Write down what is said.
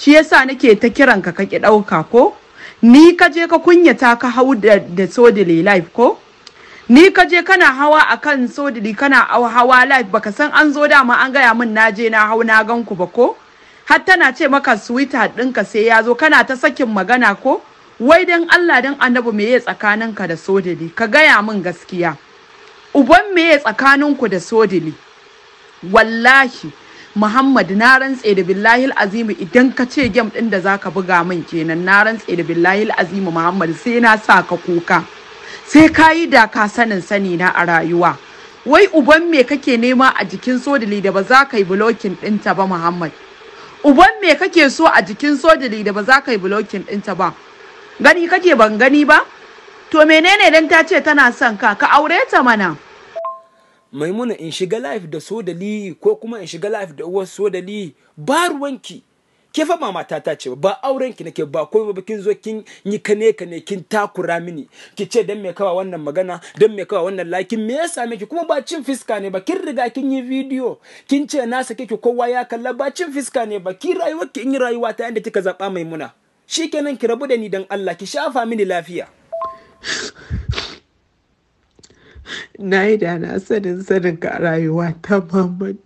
shi yasa nake ta kiran ka kake ɗauka ko ni ka je ka kunyata ka hau da, da sodili life ko ni ka je kana hawa akan sodili kana hawa life baka san an zo dama an gaya min na je na hau na ganku ba ko har tana ce maka sweetheart ɗinka sai ya zo kana ta sakin magana ko wai dan Allah dan annabi me ya tsakaninka da sodili ka gaya min gaskiya uban me ya ku da sodili wallahi Muhammad na rantse da billahi azimu idan ka ce gem din da zaka buga min kenan na rantse da billahi azimu Muhammad sai na sa ka kuka sai ka yi da ka sanin sani na a rayuwa wai uban me kake nema a jikin sodili da ba za ka yi blocking ɗinta ba Muhammad uban me kake so a jikin sodili da ba za ka yi blocking ɗinta ba gani kake ban gani ba to menene dan ta ce tana son ka ka aure ta mana maimuna in shiga life da sodali ko kuma in shiga life da uwar sodali ba ruwanki ke fa ta matata ce ba auren ki nake ba komai ba kin zo kin yi kane kane kin takura mini ki ce dan me kawa wannan magana dan me kawa wannan lakin me ya same kuma ba cin fiska ne ba kin riga kin yi video kin ce na sake ki kowa ya kalla ba cin fiska ne ba ki rayuwar ki in yi rayuwa ta yanda kika zaba maimuna shikenan ki rabu da ni dan Allah ki shafa mini lafiya na yi da na sanin sanin ka a rayuwa ta mamman.